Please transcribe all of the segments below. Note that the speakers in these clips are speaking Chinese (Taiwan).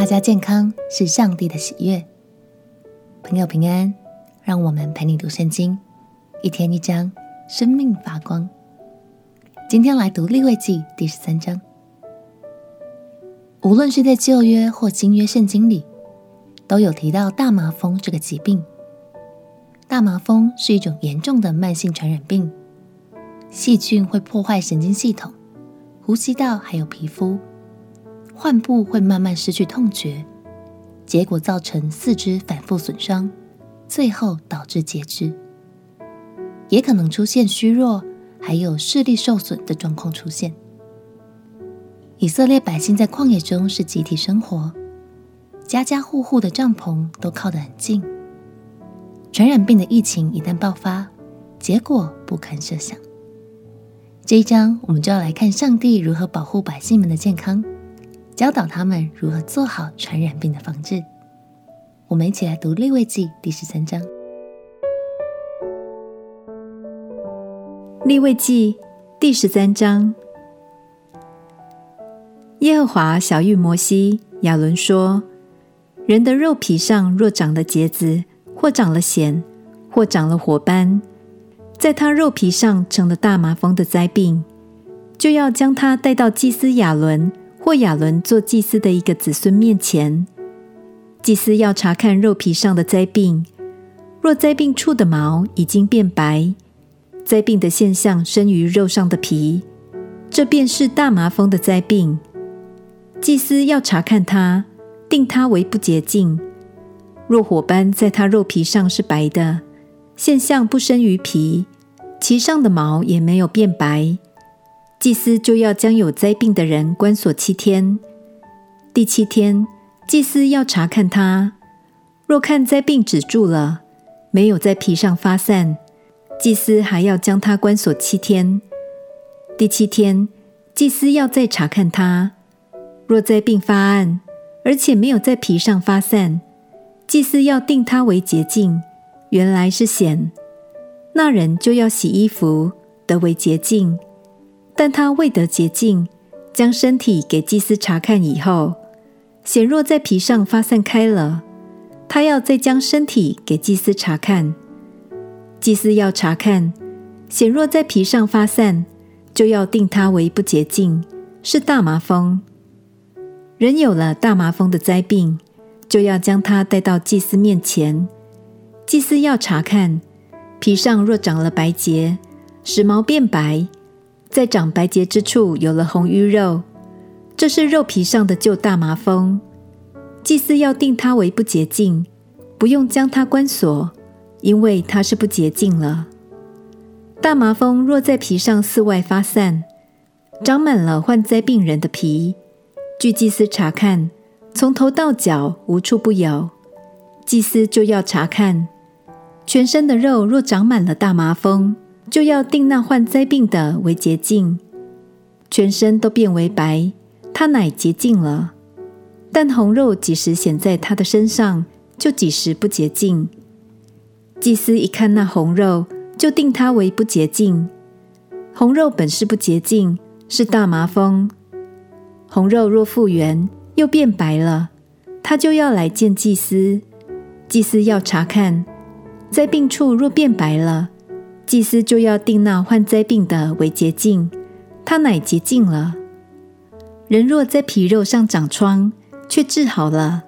大家健康是上帝的喜悅，朋友平安，讓我們陪你讀聖經，一天一章，生命發光。今天來讀利未記第十三章。無論是在舊約或新約聖經裡，都有提到大麻風這個疾病。大麻風是一種嚴重的慢性傳染病，細菌會破壞神經系統、呼吸道還有皮膚。患部會慢慢失去痛覺，結果造成四肢反覆損傷，最後導致截肢。也可能出現虛弱，還有視力受損的狀況出現。以色列百姓在曠野中是集體生活，家家戶戶的帳篷都靠得很近。傳染病的疫情一旦爆發，結果不堪設想。這一章我們就要來看上帝如何保護百姓們的健康。教導他們如何做好傳染病的防治。我們一起來讀《利未記》第十三章。《利未記》第十三章，耶和華曉諭摩西、亞倫說：“人的肉皮上若長了癤子，或長了癬，或長了火斑，在他肉皮上成了大麻風的災病，就要將他帶到祭司亞倫。”或亞倫做祭司的一個子孫面前，祭司要查看肉皮上的災病。若災病處的毛已經變白，災病的現象深於肉上的皮，這便是大麻風的災病。祭司要查看它，定它為不潔淨。若火斑在它肉皮上是白的，現象不深於皮，其上的毛也沒有變白。祭司就要將有災病的人關鎖七天。第七天，祭司要查看他，若看災病止住了，沒有在皮上發散，祭司還要將他關鎖七天。第七天，祭司要再查看他，若災病發暗，而且沒有在皮上發散，祭司要定他為潔淨，原來是癬。那人就要洗衣服，得為潔淨。但他未得潔淨，將身體給祭司查看以後，癬若在皮上發散開了，他要再將身體給祭司查看。祭司要查看，癬若在皮上發散，就要定他為不潔淨，是大麻風。人有了大麻風的災病，就要將他帶到祭司面前。祭司要查看，皮上若長了白癤，使毛變白。在長白癤之處有了紅瘀肉，這是肉皮上的舊大麻風。祭司要定它為不潔淨，不用將它關鎖，因為它是不潔淨了。大麻風若在皮上四外發散，長滿了患災病人的皮，據祭司查看，從頭到腳無處不有，祭司就要查看全身的肉，若長滿了大麻風。就要定那患災病的為潔淨，全身都變為白，他乃潔淨了。但紅肉幾時顯在他的身上，就幾時不潔淨。祭司一看那紅肉，就定他為不潔淨。紅肉本是不潔淨，是大麻風。紅肉若復原，又變白了，他就要來見祭司。祭司要查看，災病處若變白了。祭司就要定那患災病的為潔淨，他乃潔淨了。人若在皮肉上長瘡，卻治好了，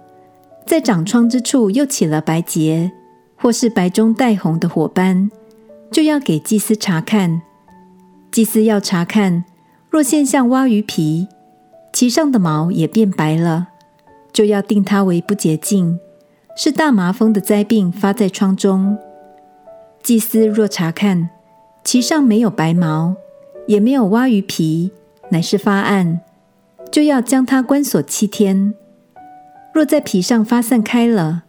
在長瘡之處又起了白癤，或是白中帶紅的火斑，就要給祭司察看。祭司要察看，若現象窪於皮，其上的毛也變白了，就要定他為不潔淨，是大麻風的災病發在瘡中。祭司若查看，其上沒有白毛，也沒有窪於皮，乃是發暗，就要將它關鎖七天。若在皮上發散開了，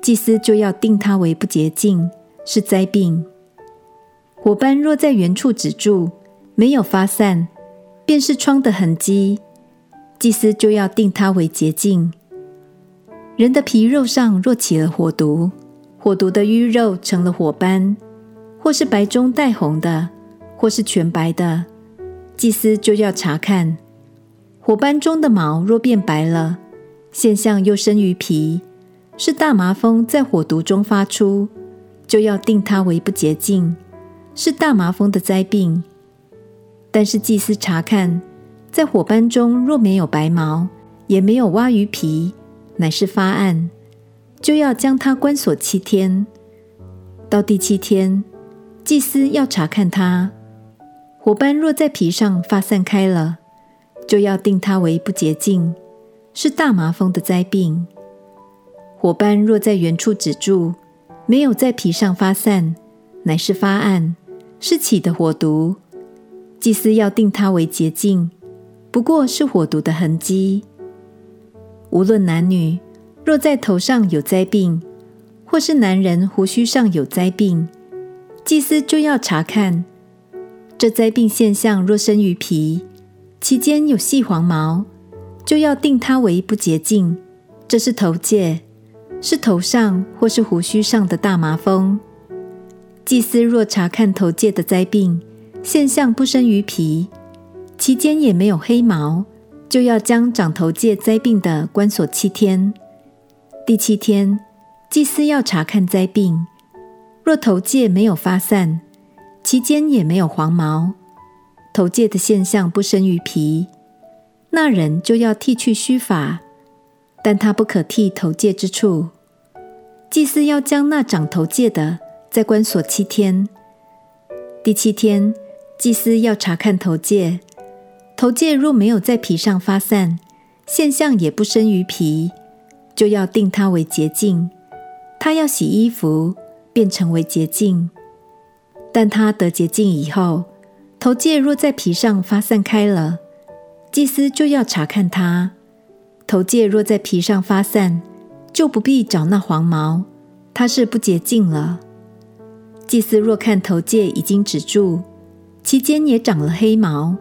祭司就要定它為不潔淨，是災病。火斑若在原處止住，沒有發散，便是瘡的痕跡，祭司就要定它為潔淨。人的皮肉上若起了火毒。火毒的瘀肉成了火斑，或是白中帶紅的，或是全白的，祭司就要查看，火斑中的毛若變白了，現象又生於皮，是大麻風在火毒中發出，就要定它為不潔淨，是大麻風的災病。但是祭司查看，在火斑中若沒有白毛，也沒有窪於皮，乃是發暗。就要將他關鎖七天，到第七天，祭司要查看他。火斑若在皮上發散開了，就要定他為不潔淨，是大麻風的災病。火斑若在原處止住，沒有在皮上發散，乃是發暗，是起的火毒。祭司要定他為潔淨，不過是火毒的痕跡。無論男女，若在頭上有災病，或是男人鬍鬚上有災病，祭司就要查看這災病現象。若生於皮，其間有細黃毛，就要定它為不潔淨，這是頭疥，是頭上或是鬍鬚上的大麻風。祭司若查看頭疥的災病現象不生於皮，其間也沒有黑毛，就要將長頭疥災病的關鎖七天。第七天，祭司要查看災病。若頭疥沒有發散，其間也沒有黃毛，頭疥的現象不生於皮，那人就要剃去鬚髮，但他不可剃頭疥之處。祭司要將那長頭疥的，再關鎖七天。第七天，祭司要查看頭疥，頭疥若沒有在皮上發散，現象也不生於皮。就要定他為潔淨，他要洗衣服便成為潔淨。但他得潔淨以後，頭疥若在皮上發散開了，祭司就要查看他。頭疥若在皮上發散，就不必找那黃毛，他是不潔淨了。祭司若看頭疥已經止住，其間也長了黑毛，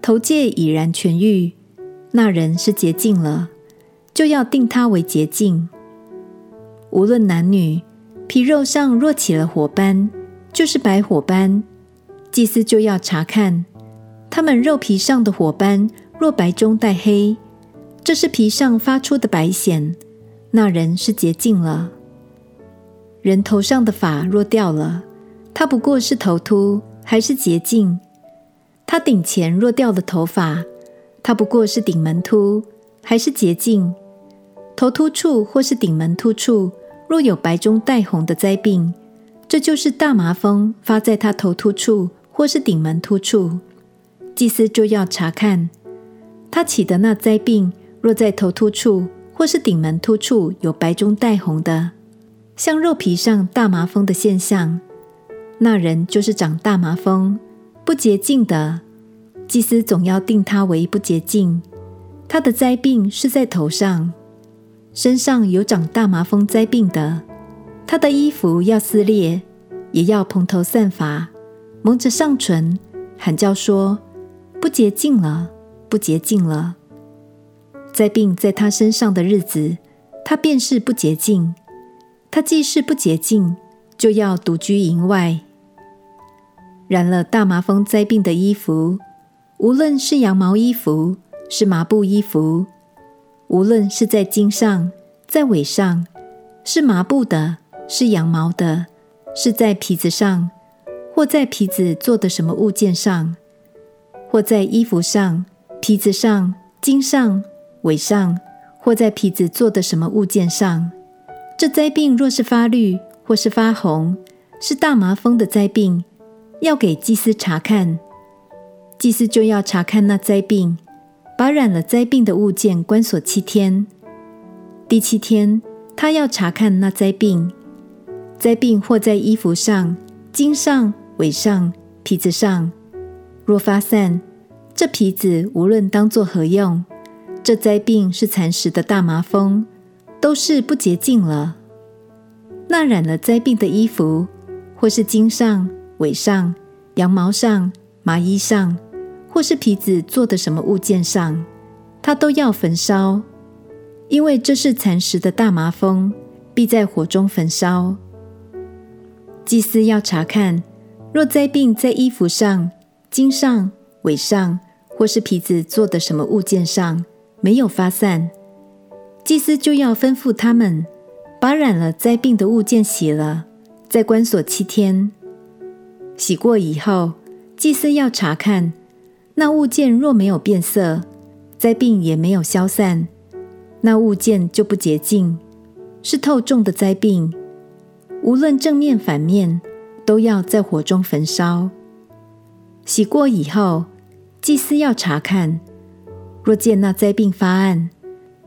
頭疥已然痊癒，那人是潔淨了。就要定他為潔淨。無論男女，皮肉上若起了火斑，就是白火斑，祭司就要查看他們肉皮上的火斑。若白中帶黑，這是皮上發出的白蘚，那人是潔淨了。人頭上的髮若掉了，他不過是頭禿，還是潔淨。他頂前若掉了頭髮，他不過是頂門禿，還是潔淨。頭禿處或是頂門禿處若有白中帶紅的災病，這就是大麻風發在他頭禿處或是頂門禿處。祭司就要查看他起的那災病，若在頭禿處或是頂門禿處有白中帶紅的，像肉皮上大麻風的現象，那人就是長大麻風，不潔淨的。祭司總要定他為不潔淨，他的災病是在頭上。身上有長大麻風災病的，他的衣服要撕裂，也要蓬頭散髮，蒙着上唇，喊叫說：“不潔淨了，不潔淨了！”災病在他身上的日子，他便是不潔淨；他既是不潔淨，就要獨居營外。染了大麻風災病的衣服，無論是羊毛衣服，是麻布衣服。無論是在經上、在緯上，是麻布的、是羊毛的，是在皮子上，或在皮子做的什麼物件上，或在衣服上、皮子上、經上、緯上，或在皮子做的什麼物件上，這災病若是發綠或是發紅，是大麻風的災病，要給祭司查看，祭司就要查看那災病。把染了災病的物件關鎖七天，第七天他要查看那災病，災病或在衣服上、經上、緯上、皮子上，若發散，這皮子無論當作何用，這災病是蠶食的大麻風，都是不潔淨了。那染了災病的衣服，或是經上、緯上、羊毛上、麻衣上，或是皮子做的什麼物件上，他都要焚燒，因為這是蠶食的大麻風，必在火中焚燒。祭司要查看，若災病在衣服上、經上、緯上，或是皮子做的什麼物件上沒有發散，祭司就要吩咐他們把染了災病的物件洗了，再關鎖七天。洗過以後，祭司要查看。那物件若沒有變色，災病也沒有消散，那物件就不潔淨，是透重的災病。無論正面反面，都要在火中焚燒。洗過以後，祭司要查看，若見那災病發暗，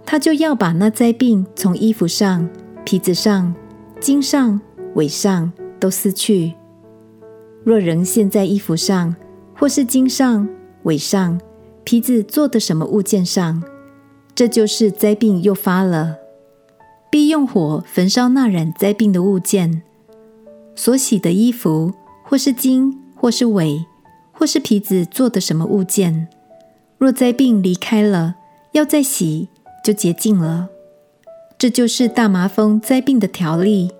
他就要把那災病從衣服上、皮子上、經上、緯上都撕去。若仍現在衣服上，或是經上，緯上皮子做的什麼物件上，這就是災病又發了。必用火焚燒那染災病的物件。所洗的衣服，或是經，或是緯，或是皮子做的什麼物件，若災病離開了，要再洗，就潔淨了。這就是大麻風災病的條例。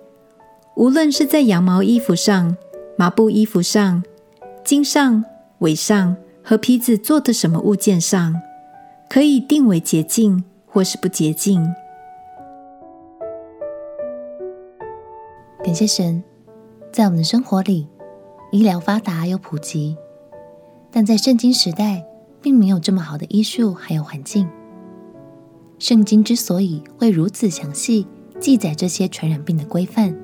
無論是在羊毛衣服上、麻布衣服上、經上、緯上。和皮子做的什麼物件上，可以定為潔淨，或是不潔淨？感謝神，在我們的生活裡，醫療發達又普及，但在聖經時代，並沒有這麼好的醫術還有環境。聖經之所以會如此詳細記載這些傳染病的規範，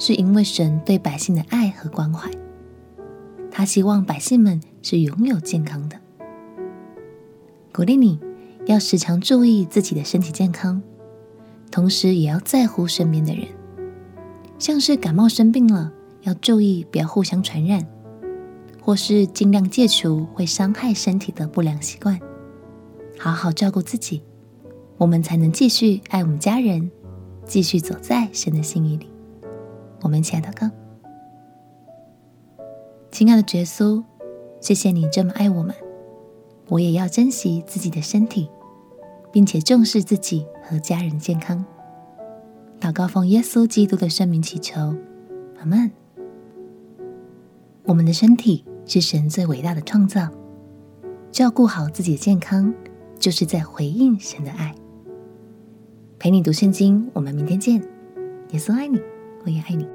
是因為神對百姓的愛和關懷。他希望百姓們是擁有健康的。鼓勵你要時常注意自己的身體健康，同時也要在乎身邊的人。像是感冒生病了，要注意不要互相傳染，或是盡量戒除會傷害身體的不良習慣，好好照顧自己，我們才能繼續愛我們家人，繼續走在神的心意裡。我們一起來禱告。親愛的耶穌，謝謝你這麼愛我們，我也要珍惜自己的身體，並且重視自己和家人健康。禱告奉耶穌基督的聖名祈求，阿門。我們的身體是神最偉大的創造，照顧好自己的健康，就是在回應神的愛。陪你讀聖經，我們明天見。耶穌愛你，我也愛你。